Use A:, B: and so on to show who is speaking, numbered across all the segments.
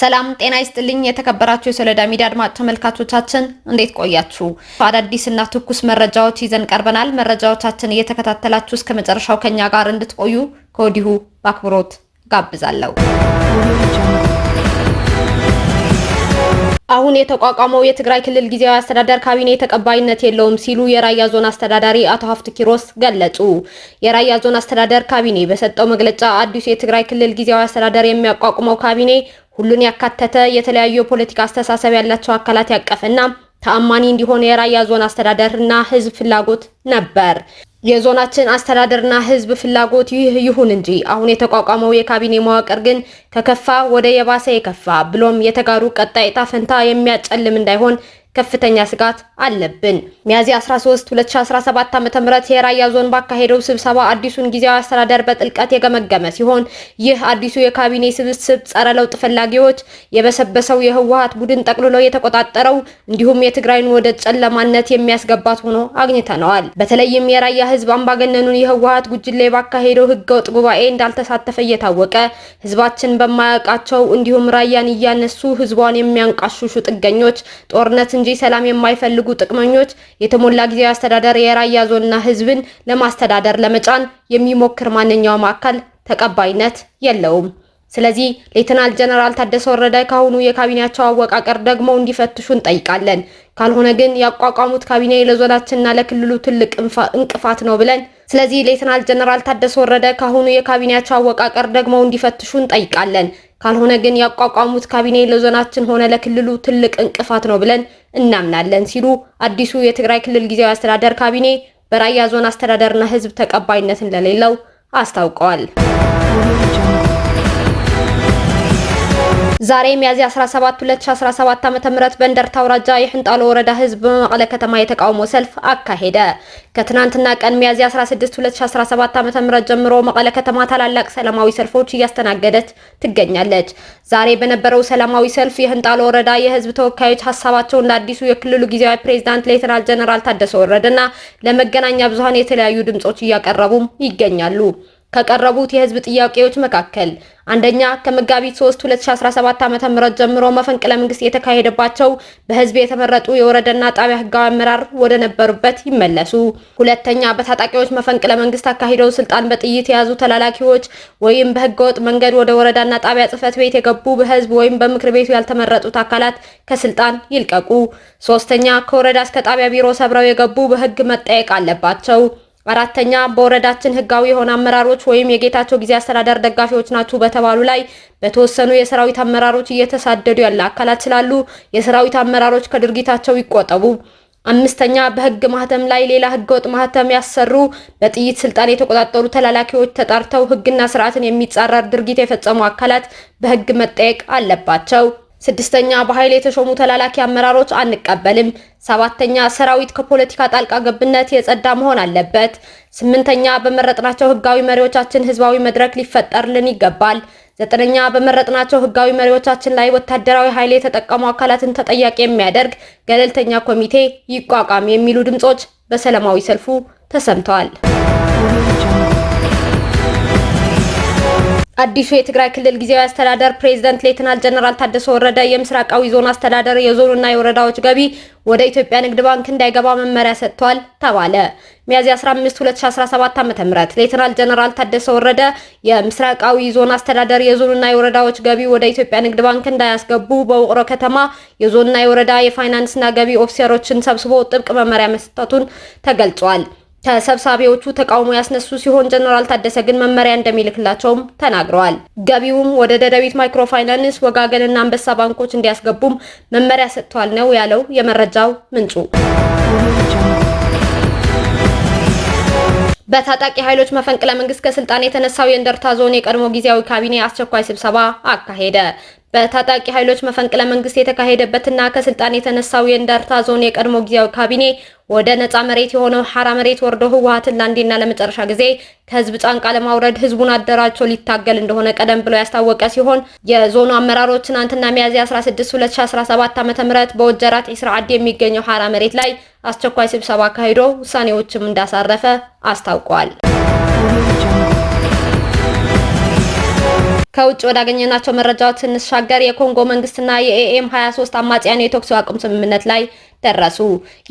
A: ሰላም ጤና ይስጥልኝ። የተከበራችሁ የሶሎዳ ሚዲያ አድማጭ ተመልካቾቻችን እንዴት ቆያችሁ? አዳዲስና ትኩስ መረጃዎች ይዘን ቀርበናል። መረጃዎቻችን እየተከታተላችሁ እስከ መጨረሻው ከኛ ጋር እንድትቆዩ ከወዲሁ በአክብሮት ጋብዛለሁ። አሁን የተቋቋመው የትግራይ ክልል ጊዜያዊ አስተዳደር ካቢኔ ተቀባይነት የለውም ሲሉ የራያ ዞን አስተዳዳሪ አቶ ሀፍት ኪሮስ ገለጹ። የራያ ዞን አስተዳደር ካቢኔ በሰጠው መግለጫ አዲሱ የትግራይ ክልል ጊዜያዊ አስተዳደር የሚያቋቁመው ካቢኔ ሁሉን ያካተተ የተለያዩ የፖለቲካ አስተሳሰብ ያላቸው አካላት ያቀፈና ተአማኒ እንዲሆን የራያ ዞን አስተዳደርና ህዝብ ፍላጎት ነበር። የዞናችን አስተዳደርና ህዝብ ፍላጎት ይህ ይሁን እንጂ አሁን የተቋቋመው የካቢኔ መዋቅር ግን ከከፋ ወደ የባሰ የከፋ ብሎም የተጋሩ ቀጣይ ዕጣ ፈንታ የሚያጨልም እንዳይሆን ከፍተኛ ስጋት አለብን። ሚያዝያ 13 2017 ዓ.ም የራያ ዞን ባካሄደው ስብሰባ አዲሱን ጊዜያዊ አስተዳደር በጥልቀት የገመገመ ሲሆን ይህ አዲሱ የካቢኔ ስብስብ ጸረ ለውጥ ፈላጊዎች የበሰበሰው የህወሀት ቡድን ጠቅልሎ የተቆጣጠረው እንዲሁም የትግራይን ወደ ጨለማነት የሚያስገባት ሆኖ አግኝተነዋል። በተለይም የራያ ህዝብ አምባገነኑን የህወሀት ጉጅሌ ባካሄደው ህገወጥ ጉባኤ እንዳልተሳተፈ እየታወቀ ህዝባችን በማያውቃቸው እንዲሁም ራያን እያነሱ ህዝቧን የሚያንቃሹሹ ጥገኞች ጦርነት እንጂ እንጂ ሰላም የማይፈልጉ ጥቅመኞች የተሞላ ጊዜያዊ አስተዳደር የራያ ዞንና ህዝብን ለማስተዳደር ለመጫን የሚሞክር ማንኛውም አካል ተቀባይነት የለውም። ስለዚህ ሌተናል ጀነራል ታደሰ ወረደ ካሁኑ የካቢኔያቸው አወቃቀር ደግሞ እንዲፈትሹ እንጠይቃለን። ካልሆነ ግን ያቋቋሙት ካቢኔ ለዞናችንና ለክልሉ ትልቅ እንቅፋት ነው ብለን ስለዚህ ሌተናል ጀነራል ታደሰ ወረደ ካሁኑ የካቢኔያቸው አወቃቀር ደግሞ እንዲፈትሹ እንጠይቃለን። ካልሆነ ግን ያቋቋሙት ካቢኔ ለዞናችን ሆነ ለክልሉ ትልቅ እንቅፋት ነው ብለን እናምናለን ሲሉ አዲሱ የትግራይ ክልል ጊዜያዊ አስተዳደር ካቢኔ በራያ ዞን አስተዳደርና ሕዝብ ተቀባይነት እንደሌለው አስታውቀዋል። ዛሬ ሚያዝያ 17 2017 ዓ.ም በእንደርታ አውራጃ የህንጣሎ ወረዳ ህዝብ በመቀለ ከተማ የተቃውሞ ሰልፍ አካሄደ። ከትናንትና ቀን ሚያዝያ 16 2017 ዓ.ም ጀምሮ መቀለ ከተማ ታላላቅ ሰላማዊ ሰልፎች እያስተናገደች ትገኛለች። ዛሬ በነበረው ሰላማዊ ሰልፍ የህንጣሎ ወረዳ የህዝብ ተወካዮች ሀሳባቸውን ለአዲሱ የክልሉ ጊዜያዊ ፕሬዝዳንት ሌተናል ጀነራል ታደሰ ወረደና ለመገናኛ ብዙሃን የተለያዩ ድምጾች እያቀረቡም ይገኛሉ። ከቀረቡት የህዝብ ጥያቄዎች መካከል አንደኛ ከመጋቢት 3 2017 ዓ.ም ጀምሮ መፈንቅለ መንግስት የተካሄደባቸው በህዝብ የተመረጡ የወረዳና ጣቢያ ህጋዊ አመራር ወደ ነበሩበት ይመለሱ። ሁለተኛ በታጣቂዎች መፈንቅለ መንግስት አካሂደው ስልጣን በጥይት የያዙ ተላላኪዎች ወይም በህገወጥ መንገድ ወደ ወረዳና ጣቢያ ጽህፈት ቤት የገቡ በህዝብ ወይም በምክር ቤቱ ያልተመረጡት አካላት ከስልጣን ይልቀቁ። ሶስተኛ ከወረዳ እስከ ጣቢያ ቢሮ ሰብረው የገቡ በህግ መጠየቅ አለባቸው። አራተኛ በወረዳችን ህጋዊ የሆነ አመራሮች ወይም የጌታቸው ጊዜ አስተዳደር ደጋፊዎች ናችሁ በተባሉ ላይ በተወሰኑ የሰራዊት አመራሮች እየተሳደዱ ያለ አካላት ስላሉ የሰራዊት አመራሮች ከድርጊታቸው ይቆጠቡ። አምስተኛ በህግ ማህተም ላይ ሌላ ህገወጥ ማህተም ያሰሩ በጥይት ስልጣን የተቆጣጠሩ ተላላኪዎች ተጣርተው ህግና ስርዓትን የሚጻረር ድርጊት የፈጸሙ አካላት በህግ መጠየቅ አለባቸው። ስድስተኛ በኃይል የተሾሙ ተላላኪ አመራሮች አንቀበልም። ሰባተኛ ሰራዊት ከፖለቲካ ጣልቃ ገብነት የጸዳ መሆን አለበት። ስምንተኛ በመረጥናቸው ህጋዊ መሪዎቻችን ህዝባዊ መድረክ ሊፈጠርልን ይገባል። ዘጠነኛ በመረጥናቸው ህጋዊ መሪዎቻችን ላይ ወታደራዊ ኃይል የተጠቀሙ አካላትን ተጠያቂ የሚያደርግ ገለልተኛ ኮሚቴ ይቋቋም የሚሉ ድምጾች በሰላማዊ ሰልፉ ተሰምተዋል። አዲሱ የትግራይ ክልል ጊዜያዊ አስተዳደር ፕሬዝዳንት ሌትናል ጀነራል ታደሰ ወረደ የምስራቃዊ ዞን አስተዳደር የዞኑና የወረዳዎች ገቢ ወደ ኢትዮጵያ ንግድ ባንክ እንዳይገባ መመሪያ ሰጥቷል ተባለ። ሚያዝያ 15 2017 ም ሌትናል ጀነራል ታደሰ ወረደ የምስራቃዊ ዞን አስተዳደር የዞኑና የወረዳዎች ገቢ ወደ ኢትዮጵያ ንግድ ባንክ እንዳያስገቡ በውቅሮ ከተማ የዞንና የወረዳ የፋይናንስና ገቢ ኦፊሰሮችን ሰብስቦ ጥብቅ መመሪያ መስጠቱን ተገልጿል። ተሰብሳቢዎቹ ተቃውሞ ያስነሱ ሲሆን ጀነራል ታደሰ ግን መመሪያ እንደሚልክላቸውም ተናግረዋል። ገቢውም ወደ ደደቢት ማይክሮፋይናንስ፣ ወጋገንና አንበሳ ባንኮች እንዲያስገቡም መመሪያ ሰጥቷል ነው ያለው የመረጃው ምንጩ። በታጣቂ ኃይሎች መፈንቅለ መንግስት ከስልጣን የተነሳው የእንደርታ ዞን የቀድሞ ጊዜያዊ ካቢኔ አስቸኳይ ስብሰባ አካሄደ። በታጣቂ ኃይሎች መፈንቅለ መንግስት የተካሄደበትና ከስልጣን የተነሳው የእንዳርታ ዞን የቀድሞ ጊዜያዊ ካቢኔ ወደ ነጻ መሬት የሆነው ሐራ መሬት ወርዶ ህወሓትን ለአንዴና ለመጨረሻ ጊዜ ከህዝብ ጫንቃ ለማውረድ ህዝቡን አደራጅቶ ሊታገል እንደሆነ ቀደም ብሎ ያስታወቀ ሲሆን የዞኑ አመራሮች ትናንትና ሚያዝያ 16 2017 ዓ.ም በወጀራት ኢስራ አዲ የሚገኘው ሐራ መሬት ላይ አስቸኳይ ስብሰባ አካሂዶ ውሳኔዎችም እንዳሳረፈ አስታውቋል። ከውጭ ወዳገኘናቸው መረጃዎች ስንሻገር የኮንጎ መንግስትና የኤኤም 23 አማጽያን የተኩስ አቁም ስምምነት ላይ ደረሱ።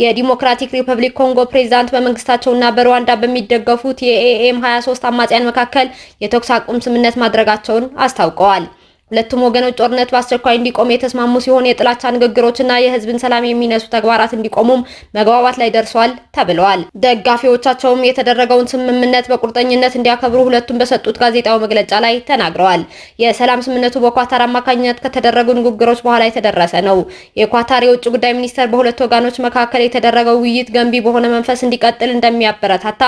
A: የዲሞክራቲክ ሪፐብሊክ ኮንጎ ፕሬዚዳንት በመንግስታቸውና በሩዋንዳ በሚደገፉት የኤኤም 23 አማጽያን መካከል የተኩስ አቁም ስምምነት ማድረጋቸውን አስታውቀዋል። ሁለቱም ወገኖች ጦርነት በአስቸኳይ እንዲቆም የተስማሙ ሲሆን የጥላቻ ንግግሮችና የህዝብን ሰላም የሚነሱ ተግባራት እንዲቆሙም መግባባት ላይ ደርሷል ተብለዋል። ደጋፊዎቻቸውም የተደረገውን ስምምነት በቁርጠኝነት እንዲያከብሩ ሁለቱም በሰጡት ጋዜጣዊ መግለጫ ላይ ተናግረዋል። የሰላም ስምምነቱ በኳታር አማካኝነት ከተደረጉ ንግግሮች በኋላ የተደረሰ ነው። የኳታር የውጭ ጉዳይ ሚኒስተር በሁለት ወገኖች መካከል የተደረገው ውይይት ገንቢ በሆነ መንፈስ እንዲቀጥል እንደሚያበረታታ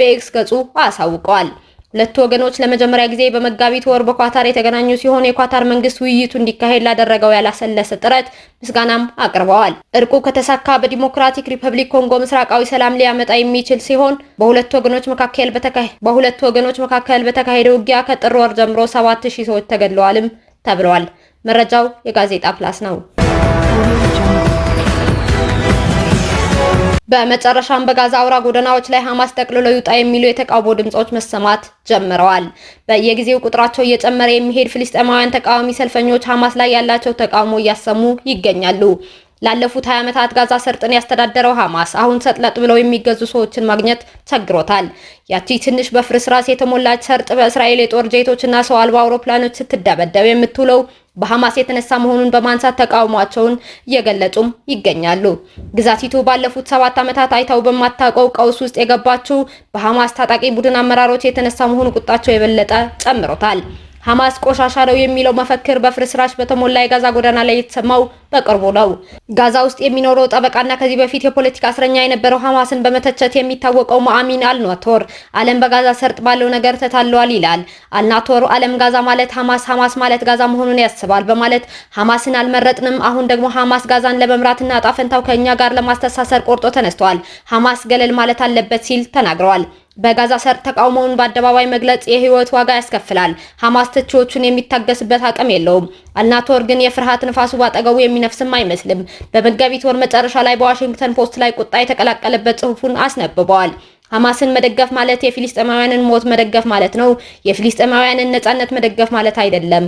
A: በኤክስ ገጹ አሳውቀዋል። ሁለቱ ወገኖች ለመጀመሪያ ጊዜ በመጋቢት ወር በኳታር የተገናኙ ሲሆን የኳታር መንግስት ውይይቱ እንዲካሄድ ላደረገው ያላሰለሰ ጥረት ምስጋናም አቅርበዋል። እርቁ ከተሳካ በዲሞክራቲክ ሪፐብሊክ ኮንጎ ምስራቃዊ ሰላም ሊያመጣ የሚችል ሲሆን በሁለቱ ወገኖች መካከል በሁለቱ ወገኖች መካከል በተካሄደ ውጊያ ከጥር ወር ጀምሮ 7000 ሰዎች ተገድለዋልም ተብለዋል። መረጃው የጋዜጣ ፕላስ ነው። በመጨረሻም በጋዛ አውራ ጎዳናዎች ላይ ሐማስ ጠቅልሎ ይውጣ የሚሉ የተቃውሞ ድምጾች መሰማት ጀምረዋል። በየጊዜው ቁጥራቸው እየጨመረ የሚሄድ ፍልስጤማውያን ተቃዋሚ ሰልፈኞች ሐማስ ላይ ያላቸው ተቃውሞ እያሰሙ ይገኛሉ። ላለፉት 20 ዓመታት ጋዛ ሰርጥን ያስተዳደረው ሐማስ አሁን ሰጥለጥ ብለው የሚገዙ ሰዎችን ማግኘት ቸግሮታል። ያቺ ትንሽ በፍርስራስ የተሞላች ሰርጥ በእስራኤል የጦር ጄቶችና ሰው አልባ አውሮፕላኖች ስትደበደብ የምትውለው በሐማስ የተነሳ መሆኑን በማንሳት ተቃውሟቸውን እየገለጹም ይገኛሉ። ግዛቲቱ ባለፉት ሰባት ዓመታት አይታው በማታውቀው ቀውስ ውስጥ የገባችው በሐማስ ታጣቂ ቡድን አመራሮች የተነሳ መሆኑ ቁጣቸው የበለጠ ጨምሮታል። ሐማስ ቆሻሻ ነው የሚለው መፈክር በፍርስራሽ በተሞላ የጋዛ ጎዳና ላይ የተሰማው በቅርቡ ነው። ጋዛ ውስጥ የሚኖረው ጠበቃና ከዚህ በፊት የፖለቲካ እስረኛ የነበረው ሐማስን በመተቸት የሚታወቀው ማአሚን አልናቶር ዓለም በጋዛ ሰርጥ ባለው ነገር ተታለዋል ይላል። አልናቶር ዓለም ጋዛ ማለት ሐማስ፣ ሐማስ ማለት ጋዛ መሆኑን ያስባል በማለት ሐማስን አልመረጥንም፣ አሁን ደግሞ ሐማስ ጋዛን ለመምራትና ዕጣ ፈንታው ከእኛ ጋር ለማስተሳሰር ቆርጦ ተነስተዋል፣ ሐማስ ገለል ማለት አለበት ሲል ተናግረዋል። በጋዛ ሰርጥ ተቃውሞውን በአደባባይ መግለጽ የህይወት ዋጋ ያስከፍላል። ሐማስ ተቺዎቹን የሚታገስበት አቅም የለውም። አልናቶር ግን የፍርሃት ንፋሱ ባጠገቡ የሚነፍስም አይመስልም። በመጋቢት ወር መጨረሻ ላይ በዋሽንግተን ፖስት ላይ ቁጣ የተቀላቀለበት ጽሑፉን አስነብበዋል። ሐማስን መደገፍ ማለት የፊሊስጤማውያንን ሞት መደገፍ ማለት ነው። የፊሊስጤማውያንን ነጻነት መደገፍ ማለት አይደለም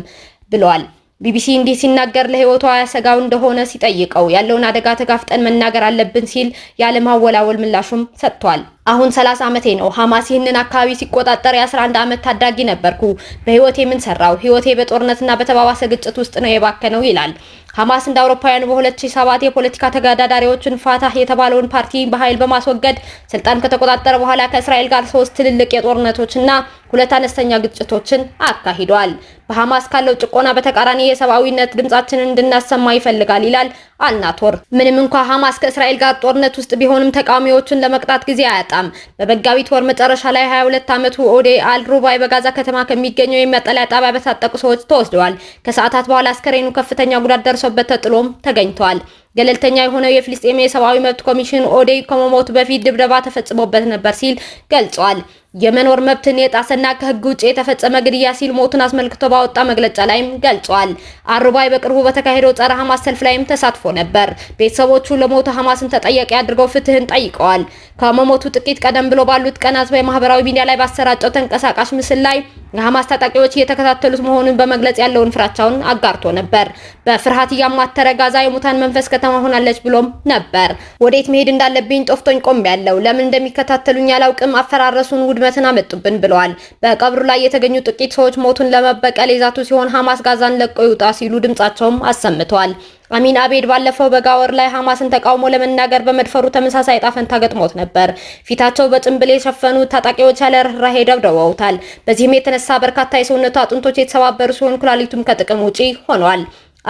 A: ብሏል። ቢቢሲ እንዲህ ሲናገር ለህይወቷ ያሰጋው እንደሆነ ሲጠይቀው ያለውን አደጋ ተጋፍጠን መናገር አለብን ሲል ያለማወላወል ምላሹም ሰጥቷል። አሁን 30 ዓመቴ ነው። ሐማስ ይህንን አካባቢ ሲቆጣጠር የ11 ዓመት ታዳጊ ነበርኩ። በህይወቴ ምን ሰራው? ህይወቴ በጦርነትና በተባባሰ ግጭት ውስጥ ነው የባከነው ይላል። ሐማስ እንደ አውሮፓውያኑ በ2007 የፖለቲካ ተጋዳዳሪዎችን ፋታህ የተባለውን ፓርቲ በኃይል በማስወገድ ስልጣን ከተቆጣጠረ በኋላ ከእስራኤል ጋር ሶስት ትልልቅ የጦርነቶችና ሁለት አነስተኛ ግጭቶችን አካሂዷል። በሐማስ ካለው ጭቆና በተቃራኒ የሰብአዊነት ድምጻችንን እንድናሰማ ይፈልጋል ይላል አልናቶር። ምንም እንኳ ሐማስ ከእስራኤል ጋር ጦርነት ውስጥ ቢሆንም ተቃዋሚዎቹን ለመቅጣት ጊዜ አያጣ አልወጣም። በመጋቢት ወር መጨረሻ ላይ 22 ዓመቱ ኦዴ አልሩባይ በጋዛ ከተማ ከሚገኘው የመጠለያ ጣቢያ በታጠቁ ሰዎች ተወስደዋል። ከሰዓታት በኋላ አስከሬኑ ከፍተኛ ጉዳት ደርሶበት ተጥሎም ተገኝቷል። ገለልተኛ የሆነው የፍልስጤም የሰብአዊ መብት ኮሚሽን ኦዴ ከመሞቱ በፊት ድብደባ ተፈጽሞበት ነበር ሲል ገልጿል። የመኖር መብትን የጣሰና ከህግ ውጭ የተፈጸመ ግድያ ሲል ሞቱን አስመልክቶ ባወጣ መግለጫ ላይም ገልጿል። አርባይ በቅርቡ በተካሄደው ጸረ ሐማስ ሰልፍ ላይም ተሳትፎ ነበር። ቤተሰቦቹ ለሞቱ ሐማስን ተጠያቂ አድርገው ፍትህን ጠይቀዋል። ከመሞቱ ጥቂት ቀደም ብሎ ባሉት ቀናት በማህበራዊ ሚዲያ ላይ ባሰራጨው ተንቀሳቃሽ ምስል ላይ የሐማስ ታጣቂዎች እየተከታተሉት መሆኑን በመግለጽ ያለውን ፍራቻውን አጋርቶ ነበር። በፍርሃት እያማተረ ጋዛ የሙታን መንፈስ ከተማ ሆናለች ብሎም ነበር። ወዴት መሄድ እንዳለብኝ ጦፍቶኝ ያለው ለምን እንደሚከታተሉኝ አላውቅም። አፈራረሱን ውድመትን አመጡብን ብለዋል። በቀብሩ ላይ የተገኙ ጥቂት ሰዎች ሞቱን ለመበቀል የዛቱ ሲሆን ሐማስ ጋዛን ለቆ ይውጣ ሲሉ ድምጻቸውም አሰምተዋል። አሚን አቤድ ባለፈው በጋወር ላይ ሐማስን ተቃውሞ ለመናገር በመድፈሩ ተመሳሳይ ጣፈን ገጥሞት ነበር። ፊታቸው በጭንብል የሸፈኑ ታጣቂዎች ያለ ርኅራኄ ደብድበውታል። በዚህም የተነሳ በርካታ የሰውነቱ አጥንቶች የተሰባበሩ ሲሆን ኩላሊቱም ከጥቅም ውጪ ሆኗል።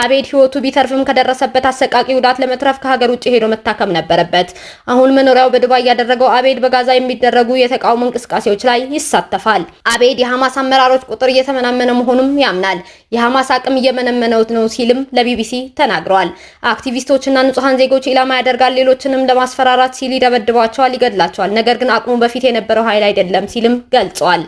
A: አቤድ ህይወቱ ቢተርፍም ከደረሰበት አሰቃቂ ጉዳት ለመትረፍ ከሀገር ውጭ ሄዶ መታከም ነበረበት። አሁን መኖሪያው በዱባይ ያደረገው አቤድ በጋዛ የሚደረጉ የተቃውሞ እንቅስቃሴዎች ላይ ይሳተፋል። አቤድ የሐማስ አመራሮች ቁጥር እየተመናመነ መሆኑም ያምናል። የሐማስ አቅም እየመነመነው ነው ሲልም ለቢቢሲ ተናግረዋል። አክቲቪስቶችና ንጹሐን ዜጎች ኢላማ ያደርጋል፣ ሌሎችንም ለማስፈራራት ሲል ይደበድባቸዋል፣ ይገድላቸዋል። ነገር ግን አቅሙ በፊት የነበረው ኃይል አይደለም ሲልም ገልጸዋል።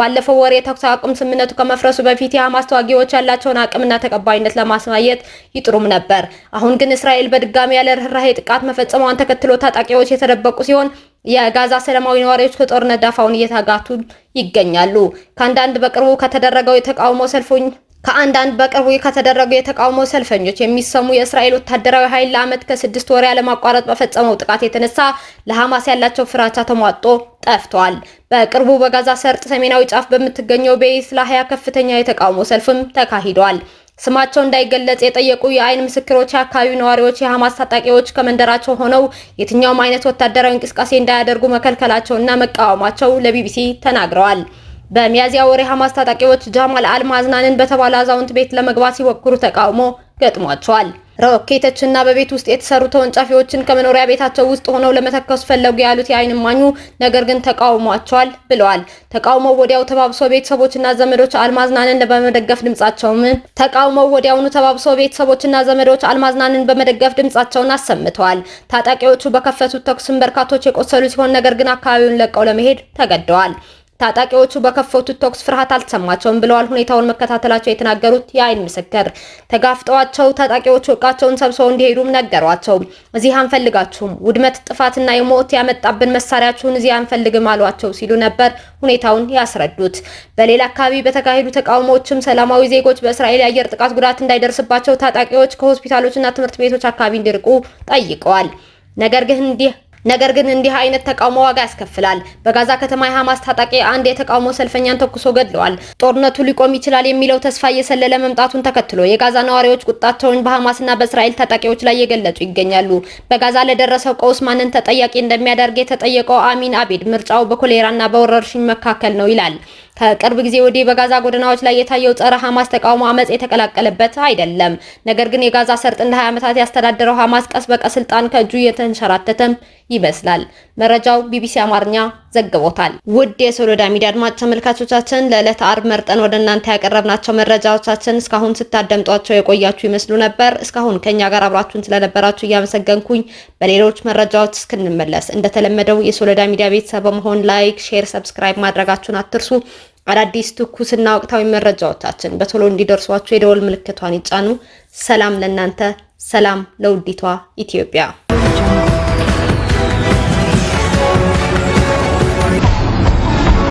A: ባለፈው ወር የተኩስ አቁም ስምምነቱ ከመፍረሱ በፊት የሐማስ ተዋጊዎች ያላቸውን አቅምና ተቀባይነት ለማሳየት ይጥሩም ነበር። አሁን ግን እስራኤል በድጋሚ ያለ ርኅራሄ ጥቃት መፈጸሟን ተከትሎ ታጣቂዎች የተደበቁ ሲሆን የጋዛ ሰላማዊ ነዋሪዎች ከጦርነት ዳፋውን እየታጋቱ ይገኛሉ። ከአንዳንድ በቅርቡ ከተደረገው የተቃውሞ ሰልፎኝ ከአንዳንድ በቅርቡ ከተደረጉ የተቃውሞ ሰልፈኞች የሚሰሙ የእስራኤል ወታደራዊ ኃይል ለዓመት ከስድስት ወር ያለማቋረጥ በፈጸመው ጥቃት የተነሳ ለሐማስ ያላቸው ፍራቻ ተሟጦ ጠፍቷል። በቅርቡ በጋዛ ሰርጥ ሰሜናዊ ጫፍ በምትገኘው ቤይት ላህያ ከፍተኛ የተቃውሞ ሰልፍም ተካሂዷል። ስማቸው እንዳይገለጽ የጠየቁ የአይን ምስክሮች የአካባቢው ነዋሪዎች የሐማስ ታጣቂዎች ከመንደራቸው ሆነው የትኛውም አይነት ወታደራዊ እንቅስቃሴ እንዳያደርጉ መከልከላቸውና መቃወማቸው ለቢቢሲ ተናግረዋል። በሚያዚያ ወሬ ሐማስ ታጣቂዎች ጃማል አልማዝናንን በተባለ አዛውንት ቤት ለመግባት ሲሞክሩ ተቃውሞ ገጥሟቸዋል። ሮኬቶችና በቤት ውስጥ የተሰሩ ተወንጫፊዎችን ከመኖሪያ ቤታቸው ውስጥ ሆነው ለመተኮስ ፈለጉ ያሉት የአይን እማኙ ነገር ግን ተቃውሟቸዋል ብለዋል። ተቃውሞው ወዲያው ተባብሶ ቤተሰቦችና ዘመዶች አልማዝናንን በመደገፍ ድምጻቸውም ተቃውሞው ወዲያውኑ ተባብሶ ቤተሰቦችና ዘመዶች አልማዝናንን በመደገፍ ድምጻቸውን አሰምተዋል። ታጣቂዎቹ በከፈቱት ተኩስም በርካቶች የቆሰሉ ሲሆን ነገር ግን አካባቢውን ለቀው ለመሄድ ተገደዋል። ታጣቂዎቹ በከፈቱት ተኩስ ፍርሃት አልተሰማቸውም ብለዋል ሁኔታውን መከታተላቸው የተናገሩት የአይን ምስክር። ተጋፍጠዋቸው ታጣቂዎቹ እቃቸውን ሰብስበው እንዲሄዱም ነገሯቸው። እዚህ አንፈልጋችሁም፣ ውድመት ጥፋትና የሞት ያመጣብን መሳሪያችሁን እዚህ አንፈልግም አሏቸው ሲሉ ነበር ሁኔታውን ያስረዱት። በሌላ አካባቢ በተካሄዱ ተቃውሞዎችም ሰላማዊ ዜጎች በእስራኤል የአየር ጥቃት ጉዳት እንዳይደርስባቸው ታጣቂዎች ከሆስፒታሎችና ትምህርት ቤቶች አካባቢ እንዲርቁ ጠይቀዋል። ነገር ግን እንዲህ ነገር ግን እንዲህ አይነት ተቃውሞ ዋጋ ያስከፍላል። በጋዛ ከተማ የሐማስ ታጣቂ አንድ የተቃውሞ ሰልፈኛን ተኩሶ ገድለዋል። ጦርነቱ ሊቆም ይችላል የሚለው ተስፋ እየሰለለ መምጣቱን ተከትሎ የጋዛ ነዋሪዎች ቁጣቸውን በሐማስና በእስራኤል ታጣቂዎች ላይ የገለጹ ይገኛሉ። በጋዛ ለደረሰው ቀውስ ማንን ተጠያቂ እንደሚያደርግ የተጠየቀው አሚን አቤድ ምርጫው በኮሌራና በወረርሽኝ መካከል ነው ይላል። ከቅርብ ጊዜ ወዲህ በጋዛ ጎዳናዎች ላይ የታየው ጸረ ሐማስ ተቃውሞ አመጽ የተቀላቀለበት አይደለም። ነገር ግን የጋዛ ሰርጥን ለ20 ዓመታት ያስተዳደረው ሐማስ ቀስ በቀስ ስልጣን ከእጁ የተንሸራተተ ይመስላል። መረጃው ቢቢሲ አማርኛ ዘግቦታል። ውድ የሶሎዳ ሚዲያ አድማጭ ተመልካቾቻችን ለዕለት አርብ መርጠን ወደ እናንተ ያቀረብናቸው መረጃዎቻችን እስካሁን ስታደምጧቸው የቆያችሁ ይመስሉ ነበር። እስካሁን ከኛ ጋር አብራችሁን ስለነበራችሁ እያመሰገንኩኝ በሌሎች መረጃዎች እስክንመለስ እንደተለመደው የሶሎዳ ሚዲያ ቤተሰብ በመሆን ላይክ፣ ሼር፣ ሰብስክራይብ ማድረጋችሁን አትርሱ። አዳዲስ ትኩስና ወቅታዊ መረጃዎቻችን በቶሎ እንዲደርሷችሁ የደወል ምልክቷን ይጫኑ። ሰላም ለእናንተ፣ ሰላም ለውዲቷ ኢትዮጵያ።